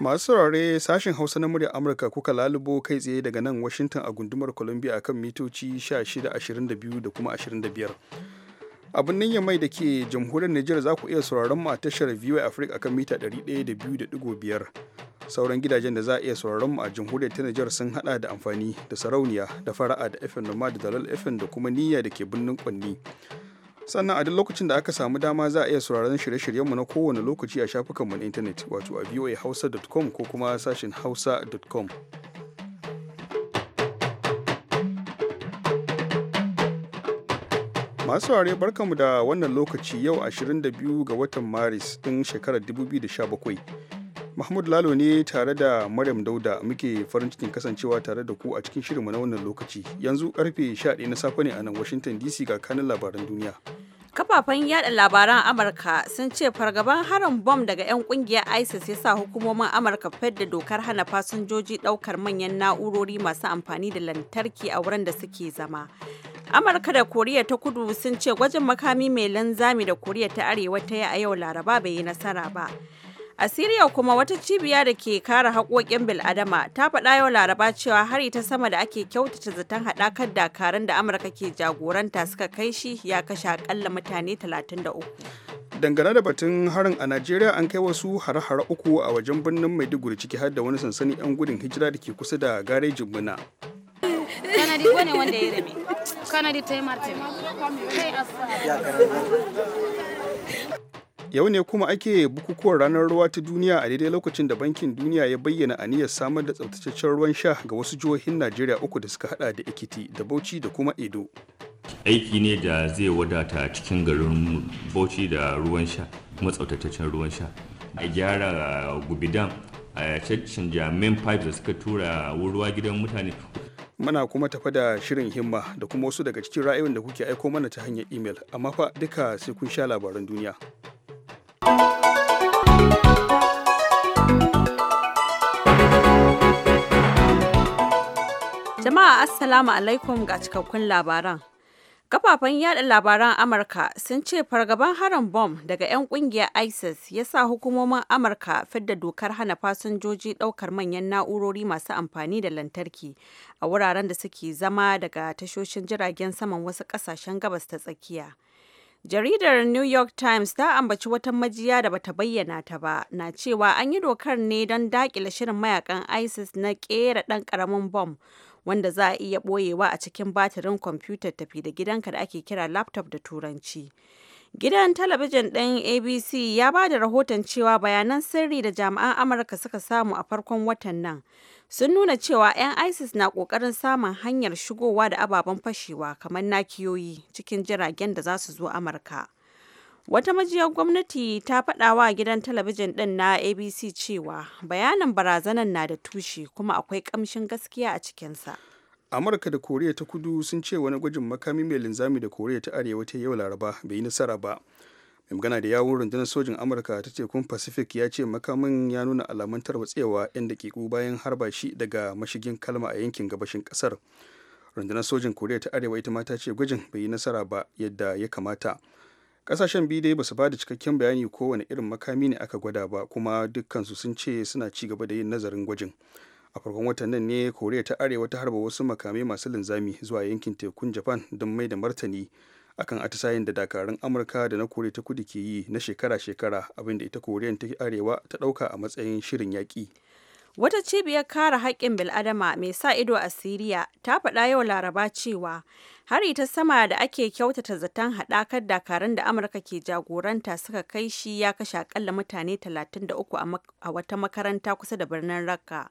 masu saurare sashen hausa na murya amurka kuka lalubo kai tsaye daga nan washington a gundumar columbia akan mitoci 1622 da kuma 25 abin niyyar mai da ke jamhuriyar niger za ku iya sauraron mu a tashar viewer africa akan mita 102.5 sauran gidajen da za a iya sauraron mu a jamhuriyar ta niger sun hada da amfani da sarauniya da fara'a da fm noma da dalal fm da kuma niyya da ke birnin kwanni sannan a duk lokacin da aka samu dama za a iya sauraron shirye-shiryenmu na kowane lokaci a shafukanmu na intanet wato a voahausa.com ko kuma sashin hausa.com masu saurare barkanmu da wannan lokaci yau 22 ga watan maris ɗin shekarar 2017 Mahmud Lalo ne tare da Maryam Dauda muke farin cikin kasancewa tare da ku a cikin shirinmu na wannan lokaci. Yanzu karfe 11 na safe ne a nan Washington DC ga kanin labaran duniya. Kafafen yada labaran Amurka sun ce fargaban harin bom daga 'yan kungiyar ISIS ya sa hukumomin Amurka fadda dokar hana fasinjoji daukar manyan na'urori masu amfani da lantarki a wurin da suke zama. Amurka da Koriya ta kudu sun ce gwajin makami mai linzami da Koriya ta Arewa ta yi a yau Laraba bai yi nasara ba. A Siriya kuma wata cibiya da ke kare haƙoƙin bil'adama ta faɗa yau Laraba cewa hari ta sama da ake kyautata zaton haɗakar dakarun da Amurka ke jagoranta suka kai shi ya kashe akalla mutane 33. Dangane da batun harin a Najeriya an kai wasu hare-hare uku a wajen birnin Maiduguri ciki har da wani sansanin 'yan gudun hijira da ke kusa da garejin Muna. Yau ne kuma ake bukukuwan ranar ruwa ta duniya a daidai lokacin da Bankin Duniya ya bayyana aniyar samar da tsaftataccen ruwan sha ga wasu jihohin Najeriya uku da suka hada da Ekiti da Bauchi da kuma Edo. Aiki ne da zai wadata cikin garin Bauchi da ruwan sha, kuma tsaftataccen ruwan sha. A gyara gubidan a cancin jami'in pipes da suka tura ruwa gidan mutane. Muna kuma tafa da shirin himma da kuma wasu daga cikin ra'ayoyin da kuke aiko mana ta hanyar imel, amma fa duka sai kun sha labaran duniya. Jama'a Assalamu alaikum ga cikakkun labaran. Kafafen yada labaran Amurka sun ce fargaban harin bom daga 'yan kungiyar ISIS ya sa hukumomin Amurka fidda dokar hana fasinjoji daukar manyan na'urori masu amfani da lantarki a wuraren da suke zama daga tashoshin jiragen saman wasu kasashen gabas ta tsakiya. Jaridar New York Times ta ambaci wata majiya da bata bayyana ta ba, na cewa an yi dokar ne don dakile shirin mayakan ISIS na kera ɗan ƙaramin bom wanda za a iya ɓoyewa a cikin batirin kwamfutar tafi da gidanka da ake kira laptop da turanci. Gidan talabijin ɗin ABC ya ba da rahoton cewa bayanan sirri da jami'an Amurka suka samu a farkon watan nan sun nuna cewa 'yan isis na kokarin samun hanyar shigowa da ababen fashewa kamar nakiyoyi cikin jiragen da za su zo amurka wata majiyar gwamnati ta faɗa wa gidan talabijin ɗin na abc cewa bayanin barazanar na da tushe kuma akwai ƙamshin gaskiya a cikinsa amurka da koriya ta kudu sun ce wani gwajin makami mai linzami da koriya ta arewa ta yau laraba bai yi nasara ba mai magana da yawun rundunar sojin amurka ta tekun pacific ya ce makamin ya nuna alamun tarwatsewa 'yan dakiku bayan harba shi daga mashigin kalma a yankin gabashin kasar rundunar sojin koriya ta arewa ita ma ta ce gwajin bai yi nasara ba yadda ya kamata kasashen biyu dai basu bada cikakken bayani ko wani irin makami ne aka gwada ba kuma dukkansu sun ce suna ci gaba da yin nazarin gwajin a farkon watan ne koriya ta arewa ta harba wasu makamai masu linzami zuwa yankin tekun japan don mai da martani akan atisayen da dakarun amurka da na koriya ta kudu ke yi na shekara-shekara abinda ita koreyan ta arewa ta dauka a matsayin shirin yaƙi wata cibiyar kare haƙƙin bil'adama mai sa ido a siriya ta faɗa yau laraba cewa hari ta sama da ake kyautata zaton haɗakar dakarun da amurka ke jagoranta suka kai shi ya kashe akalla mutane talatin da uku a wata makaranta kusa da birnin rakka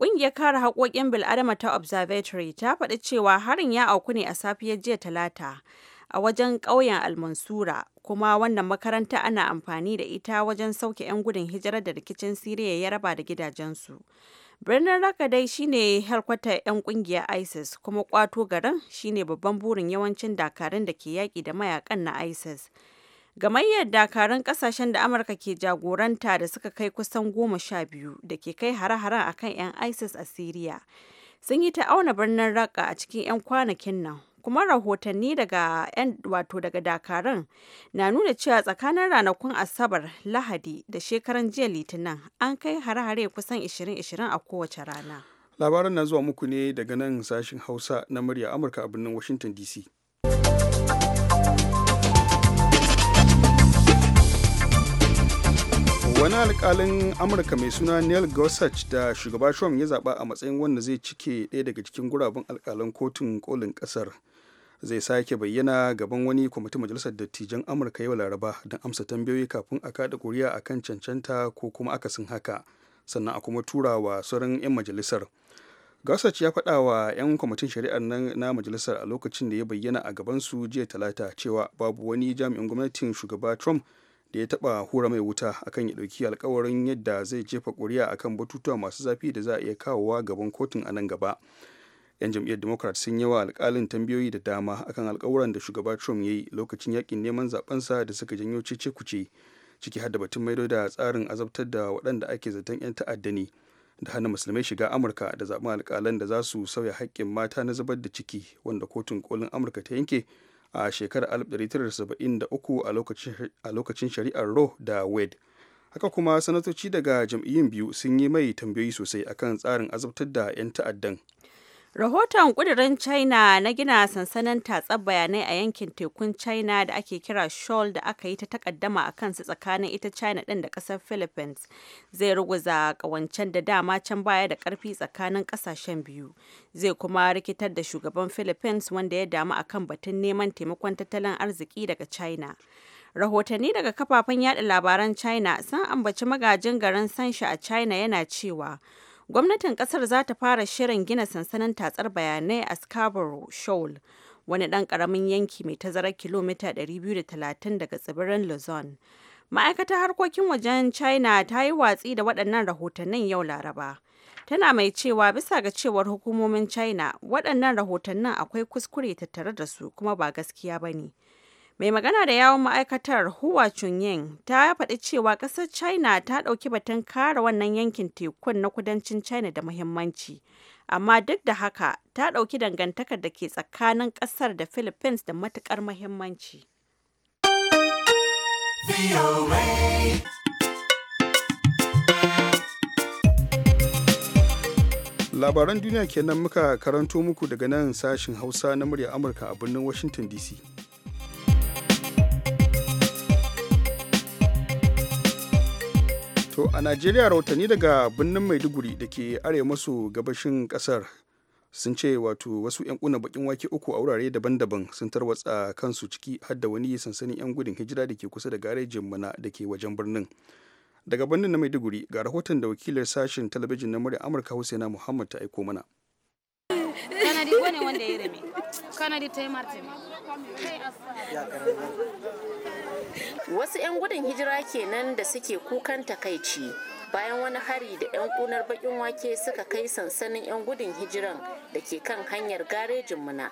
Ƙungiyar kare haƙoƙin bil'adama ta Observatory ta faɗi cewa harin ya auku ne a safiyar jiya Talata a wajen ƙauyen Almansura kuma wannan makaranta ana amfani da ita wajen sauke 'yan gudun hijirar da rikicin Siriya ya raba da gidajensu. Birnin Raqqa dai shine harkwatar 'yan kungiyar ISIS kuma ƙwato garin shine babban burin yawancin dakarun da ke yaƙi da mayakan na ISIS. Gamayyar dakarun ƙasashen da Amurka ke jagoranta da suka kai kusan goma sha biyu da ke kai hare-haren akan 'yan ISIS a Siriya. Sun yi ta auna birnin Raqqa a cikin 'yan kwanakin nan kuma rahotanni daga yan wato daga dakarun na nuna cewa tsakanin ranakun asabar lahadi da shekaran jiya litinin an kai hare-hare kusan 20-20 a kowace rana labaran na zuwa muku ne daga nan sashen hausa na murya amurka a birnin washington dc wani alkalin amurka mai suna neil gorsuch da shugaba trump ya zaba a matsayin wanda zai cike ɗaya daga cikin guraben alkalan kotun kolin ƙasar zai sake bayyana gaban wani kwamitin majalisar dattijan amurka yau laraba don amsa tambayoyi kafin a kada kuri'a a kan cancanta ko kuma akasin haka sannan a kuma tura wa sauran 'yan majalisar gausach ya faɗa wa 'yan kwamitin shari'ar nan na majalisar a lokacin da ya bayyana a gaban su jiya talata cewa babu wani jami'in gwamnatin shugaba trump da ya taɓa hura mai wuta akan ya ɗauki alkawarin yadda zai jefa kuri'a akan batutuwa masu zafi da za a iya kawowa gaban kotun a nan gaba. 'yan jam'iyyar democrat sun yi wa alkalin tambayoyi da dama akan alkawuran da shugaba trump ya yi lokacin yakin neman zabensa da suka janyo cece kuce ciki har da batun maido da tsarin azabtar da waɗanda ake zaton 'yan ta'adda ne da hana musulmai shiga amurka da zaben alkalan da za su sauya haƙƙin mata na zubar da ciki wanda kotun kolin amurka ta yanke a shekarar 1973 a lokacin shari'ar roe da wade haka kuma sanatoci daga jam'iyyun biyu sun yi mai tambayoyi sosai akan tsarin azabtar da 'yan ta'addan Rahoton ƙudurin China na gina sansanin tatsar bayanai a yankin tekun China da ake kira Shoal da aka yi ta takaddama a kansu tsakanin ita China ɗin da ƙasar Philippines zai ruguza ƙawancen da dama can baya da karfi tsakanin ƙasashen biyu. Zai kuma rikitar da shugaban Philippines wanda ya damu akan batun neman taimakon tattalin arziki daga China. rahotanni daga kafafen yada labaran china sun ambaci magajin garin sanshi a china yana cewa Gwamnatin kasar za ta fara shirin gina sansanin tatsar bayanai a Scarborough Shoal, wani dan karamin yanki mai tazarar kilomita 230 daga tsibirin Luzon. Ma'aikatar harkokin wajen China ta yi watsi da waɗannan rahotannin yau Laraba. Tana mai cewa bisa ga cewar hukumomin China waɗannan rahotannin akwai kuskure tattare da su kuma ba gaskiya ba ne. mai magana da yawon ma'aikatar Hua Chunying ta faɗi cewa ƙasar China ta ɗauki batun kare wannan yankin tekun na kudancin China da muhimmanci. Amma duk da haka ta ɗauki dangantakar da ke tsakanin ƙasar da Philippines da matuƙar muhimmanci. Labaran duniya kenan muka karanto muku daga nan sashin Hausa na murya Amurka a birnin Washington DC. To a Najeriya rahotanni daga birnin Maiduguri da ke arewa maso gabashin kasar sun ce wato wasu 'yan kuna bakin wake uku a wurare daban-daban sun tarwatsa kansu ciki har da wani sansanin 'yan gudun hijira da ke kusa da garejin mana da ke wajen birnin. Daga birnin na Maiduguri ga rahoton da wakilar sashen talabijin na murya Amurka Husaina Muhammad ta aiko mana. Kanadi wanda ya rame. Kanadi ta yi martini. wasu 'yan gudun hijira kenan da suke kukan takaici bayan wani hari da 'yan kunar bakin wake suka kai sansanin 'yan gudun hijiran da ke kan hanyar garejin muna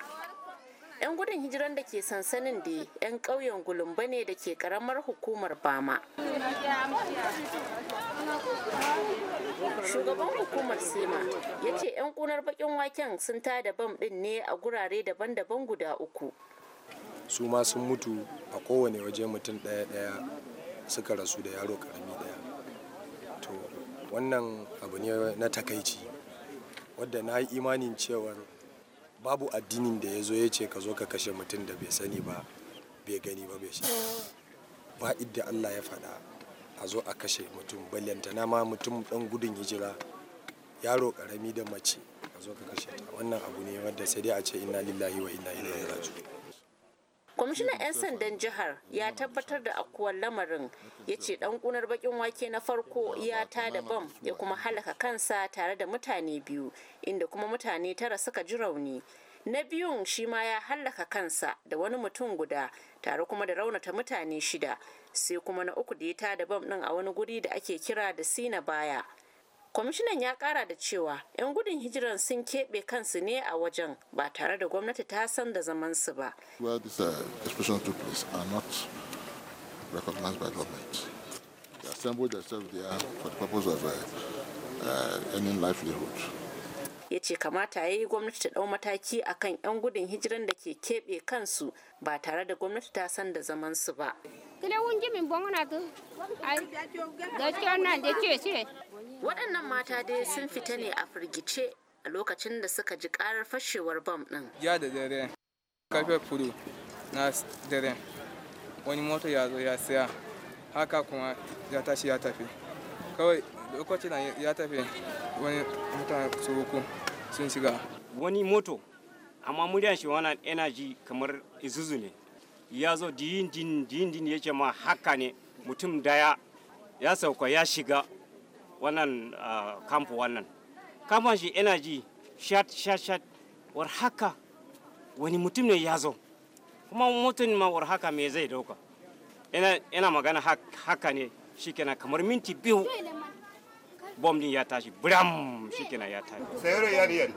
'yan gudun hijiran da ke sansanin da 'yan ƙauyen gulumba ne da ke karamar hukumar bama shugaban hukumar sema ya ce 'yan kunar bakin waken sun tada bam din ne a gurare daban-daban guda uku su ma sun mutu a kowane waje mutum daya daya suka rasu da yaro karami daya to wannan abu ne na takaici wadda na yi imanin cewar babu addinin da ya zo ya ce ka zo ka kashe mutum da bai sani ba bai gani ba bai shi ba idda allah ya faɗa a zo a kashe mutum balantana ma mutum ɗan gudun hijira yaro karami da mace a zo ka kashe ta wannan abu ne wadda sai dai a ce ina lillahi wa inna ilaihi raji'un kwamishinan 'yan sandan jihar ya tabbatar da akuwar lamarin ya ce dan kunar bakin wake na farko ya ta da bam ya kuma halaka kansa tare da mutane biyu inda kuma mutane tara suka ji rauni na biyun shi ma ya hallaka kansa da wani mutum guda tare kuma da raunata mutane shida sai kuma na uku da ya da bam din a wani guri da ake kira da sina baya kwamishinan ya kara da cewa 'yan gudun hijiran sun keɓe kansu ne a wajen ba tare da gwamnati ta san da zaman su ba uh, recognized by government. They uh, uh livelihood. ya ce kamata ya yi gwamnati ta ɗau mataki akan 'yan gudun hijiran da ke keɓe kansu ba tare da gwamnati ta san da zaman su ba. Waɗannan mata dai sun fita ne a firgice a lokacin da suka ji karar fashewar bam ɗin. Ya da dare, karfe fudu na dare, wani moto ya zo ya siya, haka kuma ya tashi ya tafi. Kawai lokacin ya tafi wani mutane suroko sun shiga wani moto amma muryan shi wani energy kamar izuzu ne ya zo diyin din diyin din ce ma haka ne mutum daya ya sauka ya shiga wannan kamfu ah, wannan kamfan shi energy shat shat shat war haka wani mutum ne ya zo kuma mutum ma war haka me zai dauka ina magana haka ne shi shikenan kamar minti biyu bom din ya tashi bram shikenan ya tashi yari yari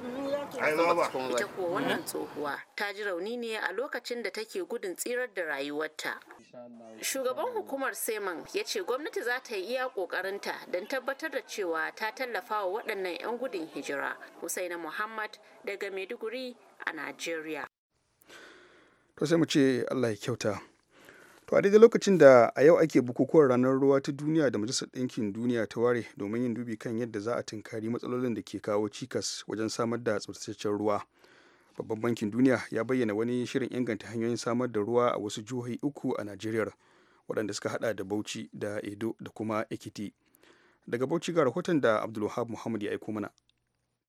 ai ba ita ko wannan tsohuwa ta ji rauni ne a lokacin da take gudun tsirar da rayuwarta shugaban hukumar seman ya ce gwamnati za ta yi iya kokarinta don tabbatar da cewa ta tallafa wa waɗannan 'yan gudun hijira husaina muhammad daga maiduguri a najeriya to sai mu ce allah ya kyauta to a daidai lokacin da a yau ake bukukuwan ranar ruwa ta duniya da majalisar ɗinkin duniya ta ware domin yin dubi kan yadda za a tunkari matsalolin da ke kawo cikas wajen samar da tsaftataccen ruwa babban bankin duniya ya bayyana wani shirin inganta hanyoyin samar da ruwa a wasu jihohi uku a najeriya waɗanda suka hada da bauchi da edo da kuma ekiti daga bauchi ga rahoton da abdulwahab muhammad ya aiko mana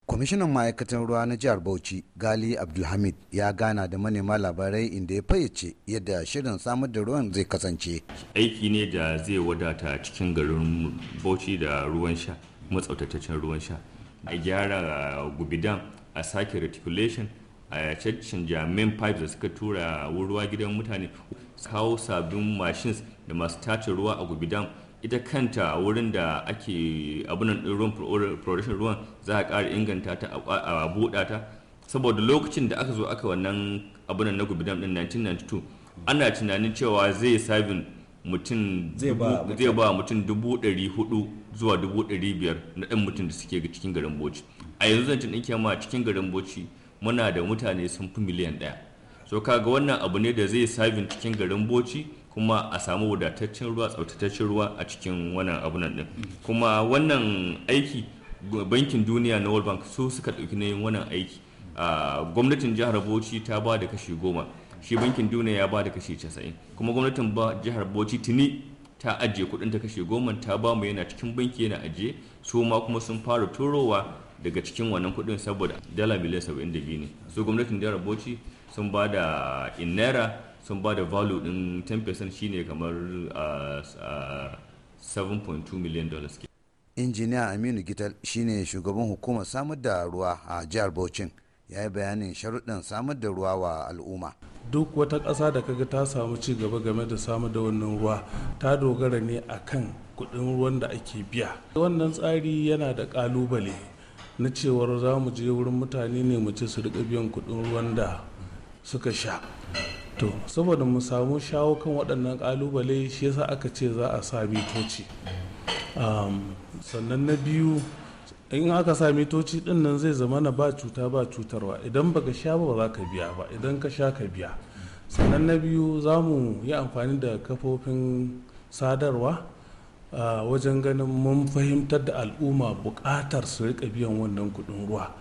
kwamishinan ma'aikatan ruwa na jihar bauchi gali abdulhamid ya gana da manema labarai inda ya fayyace yadda shirin samar da ruwan zai kasance aiki ne da zai wadata cikin garin bauchi da ruwan sha matsautataccen ruwan sha a gyara gubidan a sake reticulation a caccin jami'in pipes da suka tura ruwa gidan mutane kawo sabbin machines da masu tace ruwa a gubidan ita kanta wurin da ake abunan ruwan production ruwan za a ƙara inganta ta a buɗa ta saboda lokacin da aka zo aka wannan abunan na gubidam din 1992 ana tunanin cewa zai sabin mutum zai ba mutum dubu ɗari hudu zuwa dubu ɗari biyar na ɗan mutum da suke cikin garin boci a yanzu zancen ɗin kyamma cikin garin boci muna da mutane sun fi miliyan ɗaya so kaga wannan abu ne da zai sabin cikin garin boci kuma a samu wadataccen ruwa tsautataccen ruwa a cikin wannan abunan din kuma wannan aiki bankin duniya na world bank su suka ɗauki yin wannan aiki gwamnatin jihar bauchi ta ba da kashi goma shi bankin duniya ya ba da kashi casa'in kuma gwamnatin jihar bauchi tuni ta ajiye kuɗin ta kashe goma ta ba mu yana cikin banki yana ajiye su ma kuma sun fara turowa daga cikin wannan kuɗin saboda dala miliyan saba'in da biyu ne su gwamnatin jihar bauchi sun ba da in naira sun ba da value din 10% shine kamar 7.2 million dollars ke injiniya aminu gital shine shugaban hukumar samar da ruwa a jihar bauchin ya yi bayanin sharuɗin samar da ruwa wa al'umma duk wata ƙasa da kaga ta samu ci gaba game da samar da wannan ruwa ta dogara ne a kan kuɗin ruwan da ake biya wannan tsari yana da ƙalubale na cewar za mu je wurin mutane ne mu ce su riƙa biyan kuɗin ruwan da suka sha to saboda mu samu shawo kan waɗannan ƙalubale shi yasa aka ce za a sa mitoci sannan na biyu in aka sa mitoci ɗin nan zai zama na ba cuta ba cutarwa idan baka sha ba za ka biya ba idan ka sha ka biya sannan na biyu za mu yi amfani da kafofin sadarwa wajen ganin mun fahimtar da al'umma buƙatar su rika biyan wannan kuɗin ruwa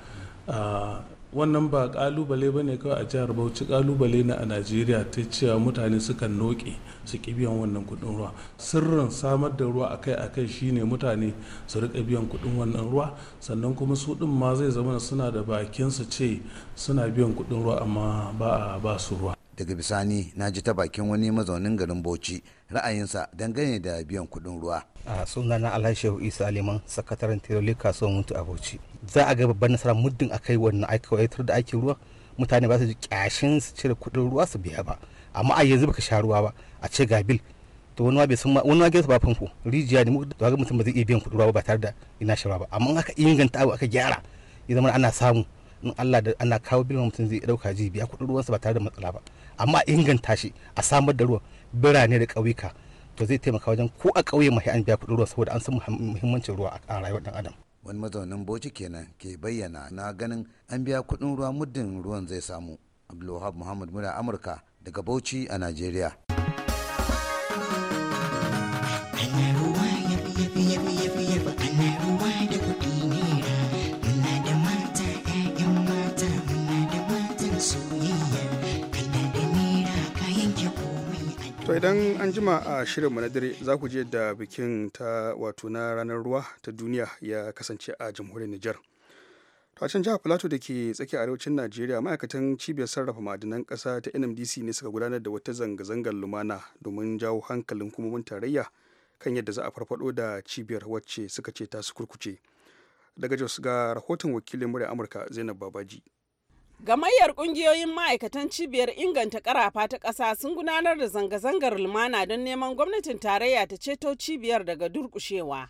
wannan ba kalubale ba ne kawai a jihar bauchi kalubale ne a najeriya ta cewa mutane sukan noke su ki biyan wannan kudin ruwa sirrin samar da ruwa akai akai shine mutane su rika biyan kudin wannan ruwa sannan kuma su din ma zai zama suna da bakin su ce suna biyan kudin ruwa amma ba a basu ruwa daga bisani na ji ta bakin wani mazaunin garin bauchi ra'ayinsa dangane da biyan kudin ruwa a sunana alhashehu isa aliman sakataren tiroli kasuwar mutu a bauchi za a ga babban nasara muddin a kai wannan aikwatar da ake ruwa mutane ba su ji kyashin su cire kudin ruwa su biya ba amma a yanzu baka sha ruwa ba a ce ga bil to wani wabe sun wani wage su ba fanko rijiya ne muka ga mutum ba zai iya biyan kudin ruwa ba tare da ina shi ba amma aka inganta abu aka gyara ya zama ana samu in Allah da ana kawo bil mutum zai dauka ji biya kudin ruwansa ba tare da matsala ba amma inganta shi a samar da ruwa birane da ƙauyuka to zai taimaka wajen ko a ƙauye mahi an biya kuɗin ruwa saboda an san muhimmancin ruwa a rayuwar ɗan adam wani mazaunin bauchi kenan ke bayyana na ganin an biya kuɗin ruwa muddin ruwan zai samu abdulwahab muhammad muna amurka daga bauchi a najeriya idan an jima a shirinmu na dare za ku je da bikin ta wato na ranar ruwa ta duniya ya kasance a jamhuriyar Nijar. a can jihar Plateau da ke tsakiyar arewacin Najeriya ma'aikatan cibiyar sarrafa ma'adanan ƙasa ta NMDC ne suka gudanar da wata zanga-zangar lumana domin jawo hankalin hukumomin tarayya kan yadda za a farfado da cibiyar wacce suka ce ta su kurkuce. Daga Jos ga rahoton wakilin murya Amurka Zainab Babaji. Gamayyar ƙungiyoyin ma'aikatan cibiyar inganta karafa ta ƙasa sun gudanar da zanga-zangar lumana don neman gwamnatin tarayya ta ceto cibiyar daga durƙushewa.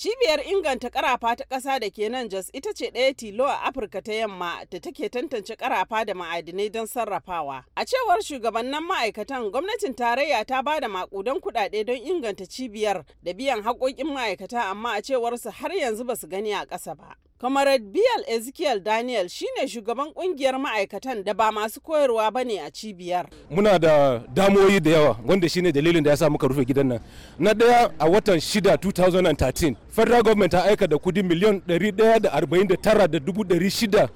Cibiyar inganta karafa ta ƙasa da ke nan Jos ita ce ɗaya tilo a Afirka ta yamma da take tantance karafa da ma'adinai don sarrafawa. A cewar shugabannin ma'aikatan gwamnatin tarayya ta ba da makudan kuɗaɗe don inganta cibiyar da biyan haƙoƙin ma'aikata amma a cewar su har yanzu ba su gani a ƙasa ba. Comrade Biyal Ezekiel Daniel shine shugaban kungiyar ma'aikatan da ba masu koyarwa ba ne a cibiyar. Muna da damoyi da yawa wanda shine dalilin da ya sa muka rufe gidan nan. Na daya a watan 6 2013 federal government ta aika da kudi miliyon 149,605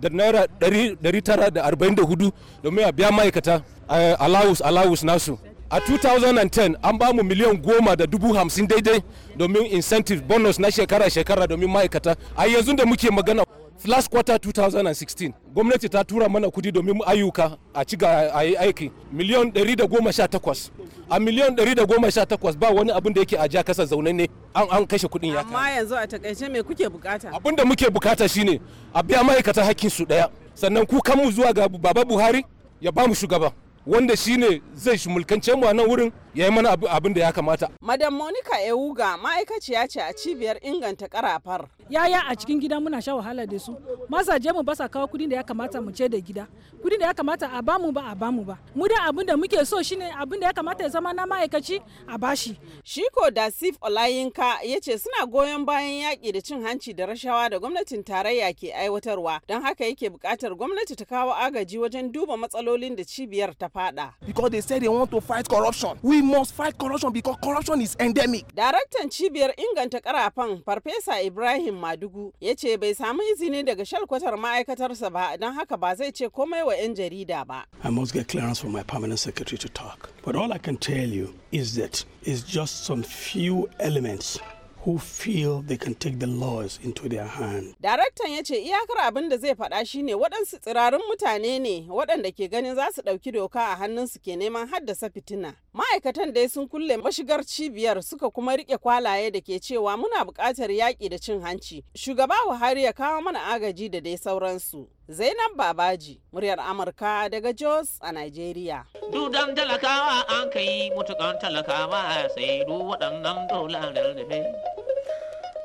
da naira 944 domin a biya ma'aikata eh, allowance allowance nasu. a 2010 an ba mu miliyan goma da dubu hamsin daidai domin incentive bonus na shekara-shekara domin ma'aikata a yanzu da muke magana last quarter 2016 gwamnati ta tura mana kudi domin ayyuka a ci ga aiki miliyan 118 a miliyan 118 ba wani abin da yake a kasa zaune ne an an kashe kudin ya amma yanzu a takaice me kuke bukata abin da muke bukata shine a biya ma'aikata hakkin su daya sannan ku kanmu zuwa ga baba buhari ya ba mu shugaba wanda shine zai mulkance mu a nan wurin ya yi mana abin da ya kamata. Madam Monica Ewuga ma'aikaciya ce a cibiyar inganta karafar. Yaya a cikin gida muna sha wahala da su. Masa je mu ba sa kawo kudin da ya kamata mu ce da gida. Kudin da ya kamata a bamu ba a bamu ba. Mu da abin da muke so shine abin da ya kamata ya zama na ma'aikaci a bashi. Shiko da Sif Olayinka ya ce suna goyon bayan yaƙi da cin hanci da rashawa da gwamnatin tarayya ke aiwatarwa. Don haka yake buƙatar gwamnati ta kawo agaji wajen duba matsalolin da cibiyar ta faɗa. Because they say they want to fight corruption. We must fight corruption because corruption is endemic. Daraktan cibiyar inganta karafan Farfesa Ibrahim Madugu ya ce bai samu izini daga shalkwatar ma'aikatarsa ba don haka ba zai ce komai wa 'yan jarida ba. I must get clearance from my permanent secretary to talk. But all I can tell you is that it's just some few elements who feel they can take the laws into their hand. Daraktan ya ce iyakar abin da zai faɗa shine waɗansu tsirarin mutane ne waɗanda ke ganin za su ɗauki doka a hannunsu ke neman haddasa fitina. Ma'aikatan dai sun kulle mashigar cibiyar suka kuma riƙe kwalaye da ke cewa muna buƙatar yaƙi da cin hanci. Shugaba Buhari ya kawo mana agaji da dai sauransu. Zainab Babaji, muryar Amurka daga Jos a Nigeria. Dudan talakawa an ka yi mutukan talakawa sai du waɗannan dolarar da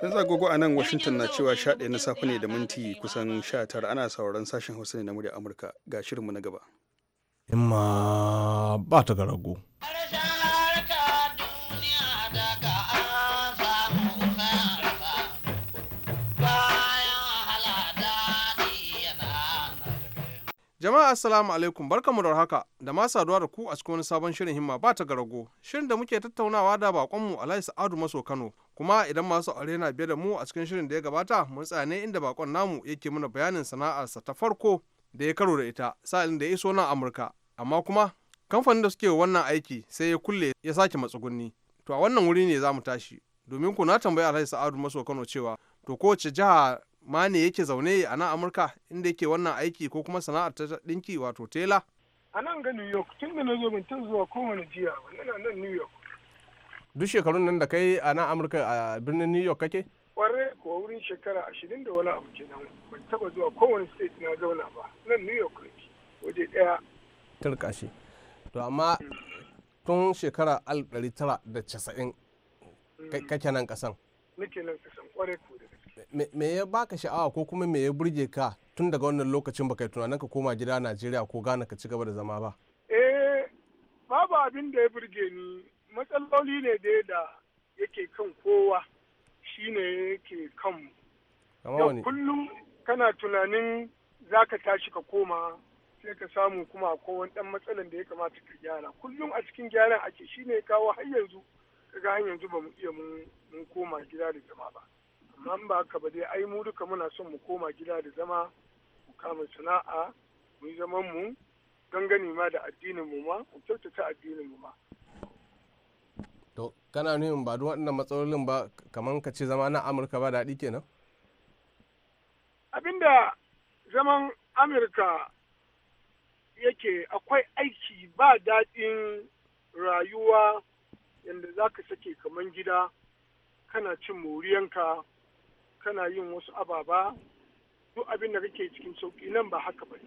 Tun zagogo a nan Washington na cewa sha na safe ne da minti kusan sha tara ana sauran sashen Hausa ne na muryar Amurka ga shirinmu na gaba. Imma ba ta rago. Jama'a assalamu alaikum barkamu da haka da ma saduwa da ku a cikin wani sabon shirin himma ba ta garago shirin da muke tattaunawa da bakonmu Alhaji Sa'adu Maso Kano kuma idan masu aure na biye da mu a cikin shirin da ya gabata mun tsaya ne inda bakon namu yake muna bayanin sana'arsa ta farko da ya karo da ita sa'ilin da ya iso nan Amurka amma kuma kamfanin da suke wannan aiki sai ya kulle ya sake matsugunni to a wannan wuri ne za mu tashi domin ku na tambayi Alhaji Sa'adu Maso Kano cewa to kowace jiha ma ne yake zaune a nan amurka inda yake wannan aiki ko kuma sana'ar ta dinki wato tela a nan ga new york tun da na zo ban tun zuwa kowane jiya ba yana nan new york duk shekarun nan da kai a nan amurka a birnin new york kake kware kuwa wurin shekara ashirin da wani abu kenan ban taba zuwa kowane state na zauna ba nan new york ne waje daya turkashi to amma tun shekara alif ɗari tara da casa'in mm. kake nan kasan nake nan kasan ko da me ya baka sha'awa ko kuma me ya burge ka tun daga wannan lokacin baka yi tunanin ka koma gida Najeriya ko gana ka ci gaba da zama ba? Eh, babu abin da ya burge ni matsaloli ne dai da yake kan kowa shi ne yake kan mu. kullum kana tunanin za ka tashi ka koma sai ka samu kuma ko wani dan matsalan da ya kamata ka gyara kullum a cikin gyaran ake shine kawo har yanzu kaga har yanzu ba mu iya mun koma gida da zama ba amma ba ka ba dai ai mu duka muna son mu koma gida da zama mu kama sana'a mu yi zaman mu gangani ma da addinin mu ma mu kyautata addinin mu ma to kana nuhin ba duk waɗannan matsalolin ba kamar ka ce zama na amurka ba daɗi kenan abinda zaman amurka yake akwai aiki ba daɗin rayuwa yadda za ka sake kamar gida kana cin moriyanka kana yin wasu ababa duk abin da kake cikin sauki nan ba haka ba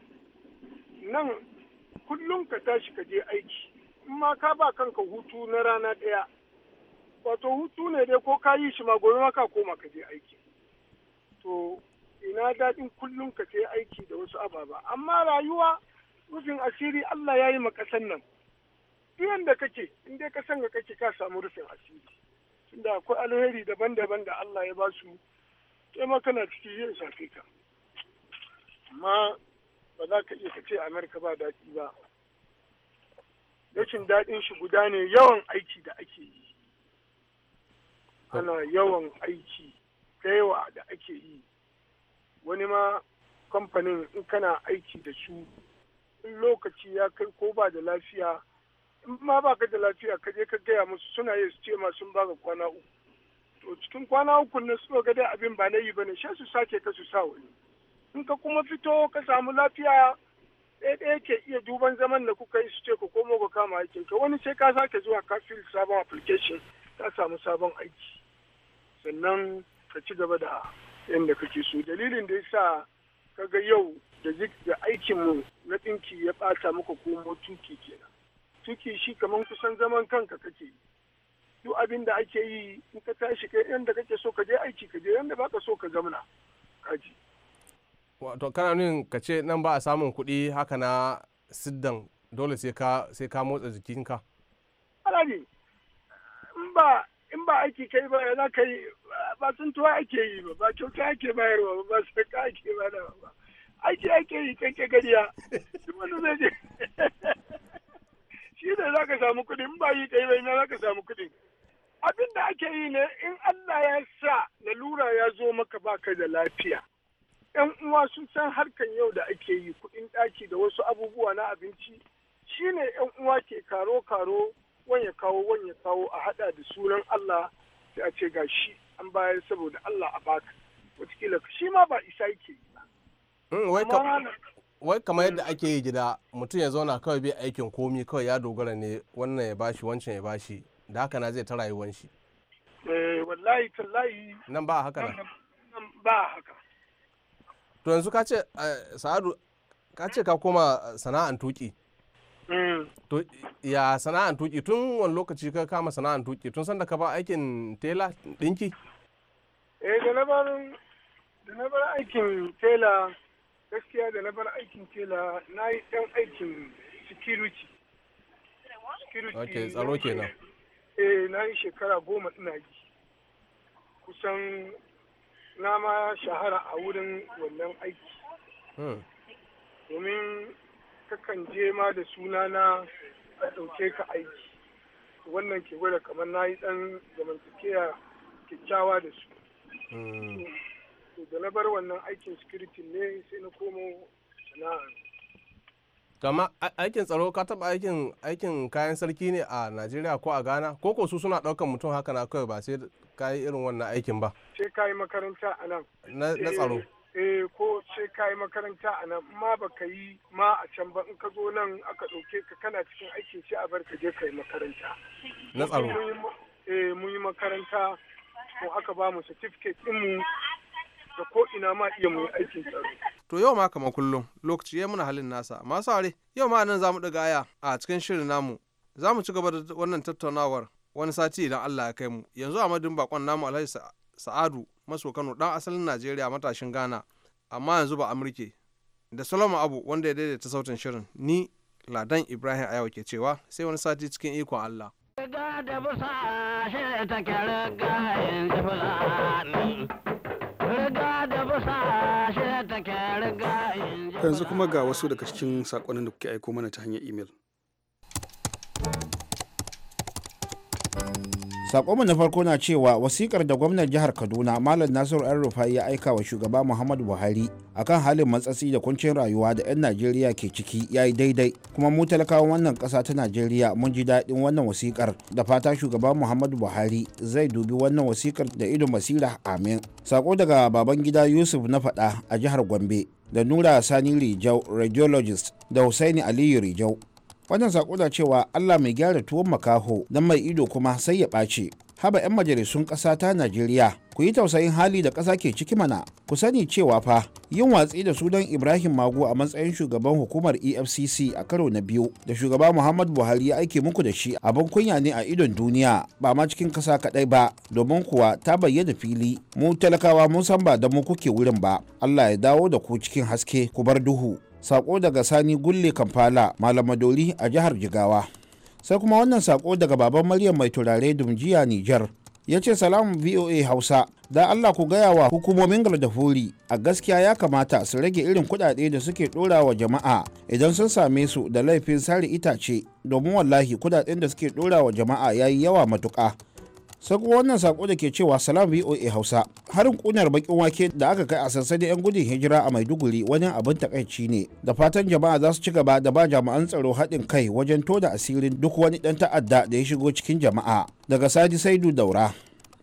nan kullum ka tashi ka je aiki in ma ka ba kanka hutu na rana ɗaya wato hutu ne dai ko ka yi shi ma gobe ma ka koma ka je aiki to ina daɗin kullum ka je aiki da wasu ababa amma rayuwa rufin asiri Allah ya yi makasan nan duk da kake in dai ka san kake ka samu rufin asiri tunda akwai alheri daban-daban da Allah ya ba su kai ma kana ciki zai shafe ka amma ba za ka iya ka ce amerika ba daɗi ba rashin daɗin shi guda ne yawan aiki da ake yi ana yawan aiki da yawa da ake yi wani ma kamfanin in kana aiki da su in lokaci ya kai ko ba da lafiya in ma ba ka da lafiya ka je ka gaya musu suna yi su ce ma sun baka kwana uku to cikin kwana uku ne su ga dai abin ba na yi bane sai su sake ka su sa wani in ka kuma fito ka samu lafiya ɗaya ɗaya ke iya duban zaman da kuka yi su ce ka komo ka kama aikin ka wani sai ka sake zuwa ka fil sabon application ka samu sabon aiki sannan ka ci gaba da yadda kake so dalilin da yasa ka ga yau da da mu na dinki ya ɓata muka komo tuki kenan tuki shi kaman kusan zaman kanka kake yi duk abin da ake yi in ka tashi kai yanda kake so ka je aiki ka je yanda baka so ka gamna kaji wato kana nuna ka ce nan ba a samun kuɗi haka na siddan dole sai ka sai ka motsa jikinka alaji in ba in ba aiki kai ba za ka yi ba tuwa ake yi ba ba kyauta ake bayarwa ba ba ka ake bayarwa ba aiki ake yi kai ke gariya shi wani zai je shi ne za ka samu kuɗi in ba yi kai bai na za ka samu kuɗi abin da ake yi ne in Allah ya sa lalura ya zo maka baka da lafiya yan uwa sun san harkan yau da ake yi kuɗin ɗaki da wasu abubuwa na abinci shine yan uwa ke karo karo wanya kawo wanya kawo a hada da sunan Allah da a ce ga shi an bayar saboda Allah a baka wataƙila shi ma ba isa yake yi ba. Mm, wai kamar yadda mm. ake yi gida mutum ya zauna kawai bai aikin komi kawai ya dogara ne wannan ya bashi wancan ya bashi da haka na zai ta rayuwan shi eh, wallahi tallahi nan ba haka nan ba haka to yanzu ka ce eh, sa'adu ka ce ka koma eh, sana'an tuki mm. to ya sana'an tuki tun wani lokaci ka kama sana'an tuki tun sanda ka ba aikin tela dinki eh da na bar da na bar aikin tela gaskiya da na bar aikin tela na yi dan aikin security security ok tsaro kenan eh na yi shekara goma ina yi kusan na ma shahara a wurin wannan aiki hmm. domin kakan je ma da suna na a ɗauke ka aiki wannan ke gwada kamar na yi ɗan zamantakewa kyakkyawa da su hmm. da na bar wannan aikin security ne sai na komo sana'a to amma aikin tsaro ka taba aikin aikin kayan sarki ne a najeriya ko a ghana ko ko su suna daukan mutum haka na kawai ba sai ka yi irin wannan aikin ba sai ka yi makaranta a nan na eh, tsaro eh ko sai ka makaranta a nan ma ba yi ma a can ba in ka zo nan aka ɗauke ka kana cikin aikin shi a bar ka je ka yi makaranta na tsaro eh mun yi makaranta ko aka ba mu certificate ɗinmu da ko ina ma iya mu aikin tsaro to yau ma kamar kullum lokaci ya muna halin nasa masu are yau ma nan za mu ɗaga aya a cikin shirin namu za mu ci gaba da wannan tattaunawar wani sati idan Allah ya kai mu yanzu a madin bakon namu Alhaji Sa'adu maso Kano dan asalin Najeriya matashin Ghana amma yanzu ba Amurke da Solomon Abu wanda ya daidaita sautin shirin ni Ladan Ibrahim Ayawa ke cewa sai wani sati cikin ikon Allah Riga da busa shi riga yanzu kuma ga wasu daga cikin saƙonin da kuke aiko mana ta hanyar imel. sakonmu na farko na cewa wasikar da gwamnan jihar kaduna malam nasiru yan rufai ya aika wa shugaba muhammadu buhari akan halin matsatsi da kuncin rayuwa da 'yan najeriya ke ciki ya yi daidai kuma mu talakawan wannan kasa ta najeriya mun ji daɗin wannan wasikar da fata shugaba muhammadu buhari zai dubi wannan wasikar da ido masira amin sako daga baban gida yusuf na faɗa a jihar gombe da nura sani rijau radiologist da husaini aliyu rijau wannan sako da cewa allah mai gyara tuwon makaho don mai ido kuma sai ya ɓace haba 'yan majalisun ƙasa ta najeriya ku yi tausayin hali da ƙasa ke ciki mana ku sani cewa fa yin watsi da sunan ibrahim Magu a matsayin shugaban hukumar efcc a karo na biyu da shugaba muhammad buhari ya aike muku da shi abin kunya ne a idon duniya ba ma cikin ƙasa kaɗai ba domin kuwa ta bayyana fili mu talakawa mun san ba da mu kuke wurin ba allah ya dawo da ku cikin haske ku bar duhu sako daga sani gulle kamfala malamadori a jihar jigawa sai kuma wannan sako daga baban maryam mai turare dumjiya nijar ya ce salamu voa hausa da allah ku gaya wa hukumomin gardafuri a gaskiya ya kamata su rage irin kudade da suke dora wa jama'a idan sun same su da laifin sare itace domin wallahi kudaden da suke dora wa jama'a ya yi yawa matuka sai kuma wannan sako da ke cewa salam voa hausa harin kunar bakin wake da aka kai a sansanin yan gudun hijira a maiduguri wani abin takaici ne da fatan jama'a za su ci gaba da ba jami'an tsaro haɗin kai wajen toda asirin duk wani dan ta'adda da ya shigo cikin jama'a daga sadi saidu daura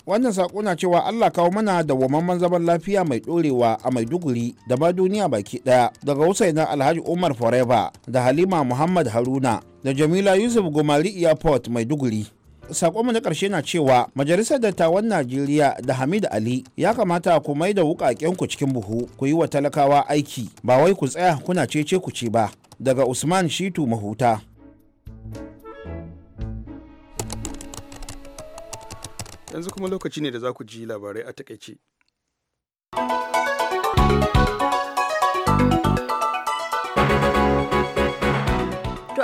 wannan sako na cewa allah kawo mana da wamamman zaman lafiya mai ɗorewa a maiduguri da ma duniya baki ɗaya daga husaina alhaji umar forever da halima muhammad haruna da jamila yusuf gomari airport maiduguri sakonmu na karshe na cewa majalisar dattawan najeriya da hamid ali ya kamata ku mai da ku cikin buhu ku yi wa talakawa aiki ba wai ku tsaya kuna cece ku ce ba daga usman shitu mahuta yanzu kuma lokaci ne da za ku ji labarai a takaice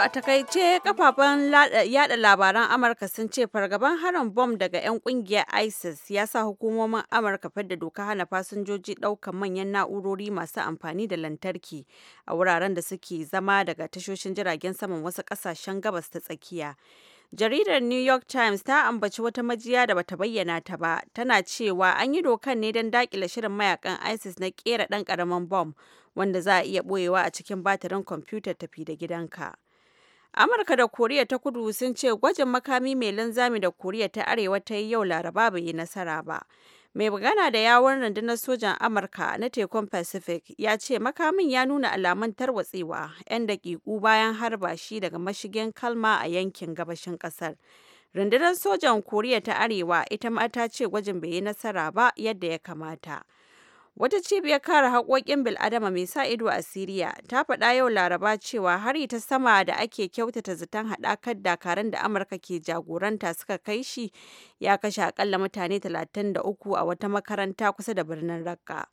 a takaice kafafen yada labaran Amurka sun ce fargaban harin bom daga 'yan kungiyar ISIS ya sa hukumomin Amurka fadda doka hana fasinjoji daukan manyan na'urori masu amfani da lantarki a wuraren da suke zama daga tashoshin jiragen saman wasu kasashen gabas ta tsakiya. Jaridar New York Times ta ambaci wata majiya da bata bayyana ta ba, tana cewa an yi dokan ne don dakila shirin mayakan ISIS na kera ɗan karamin bom wanda za a iya ɓoyewa a cikin batirin kwamfutar tafi da gidanka. Amurka da Koriya ta Kudu sun ce gwajin makami mai linzami da Koriya ta Arewa ta yi yau Laraba bai yi nasara ba. Mai magana da yawon rundunar sojan Amurka na tekun Pacific ya ce makamin ya nuna alamun tarwatsewa 'yan daƙiƙu bayan harba shi daga mashigin kalma a yankin gabashin ƙasar. Rundunar sojan Koriya ta Arewa ita ma ta ce gwajin bai yi nasara ba yadda ya kamata. Wata cibiyar kare haƙoƙin bil'adama mai sa ido a Siriya ta faɗa yau Laraba cewa hari ta sama da ake kyautata zaton haɗakar dakaran da Amurka ke jagoranta suka kai shi ya kashe akalla mutane 33 a wata makaranta kusa da birnin Raqqa.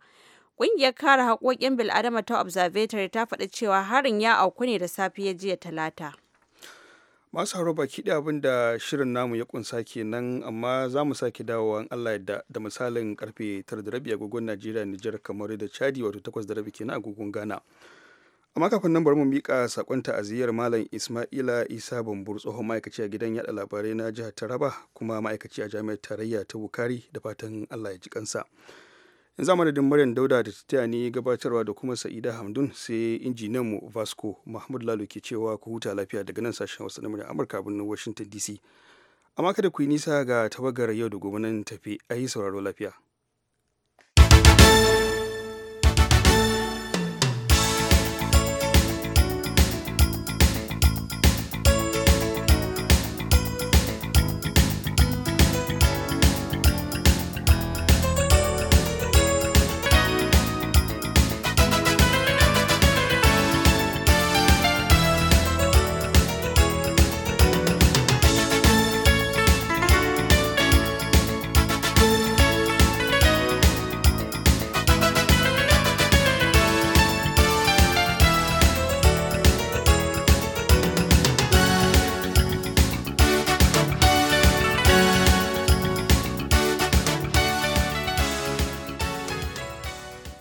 Ƙungiyar kare haƙoƙin bil'adama ta Observatory ta faɗi cewa harin ya auku ne da safiyar jiya Talata. masu haro baki da abin da shirin namu ya kunsa kenan amma za mu sake dawowa an Allah yadda da misalin karfe da 9:30 agogon Najeriya Nijar kamar da Chadi wato da 8:30 kenan agogon Ghana amma kafin nan bari mu mika sakon ta'aziyyar malam Ismaila Isa Bambur tsohon ma'aikaci a gidan yada labarai na jihar Taraba kuma ma'aikaci a jami'ar tarayya ta Bukari da fatan Allah ya ji kansa yanzu a madadin maryam dauda da ta taya gabatarwa da kuma sa'ida hamdun sai injiniyan mu vasco mahmud lalo ke cewa ku huta lafiya daga nan sashen wasu na amurka a birnin washington dc amma kada ku yi nisa ga tawagar yau da gobe nan tafi a yi sauraro lafiya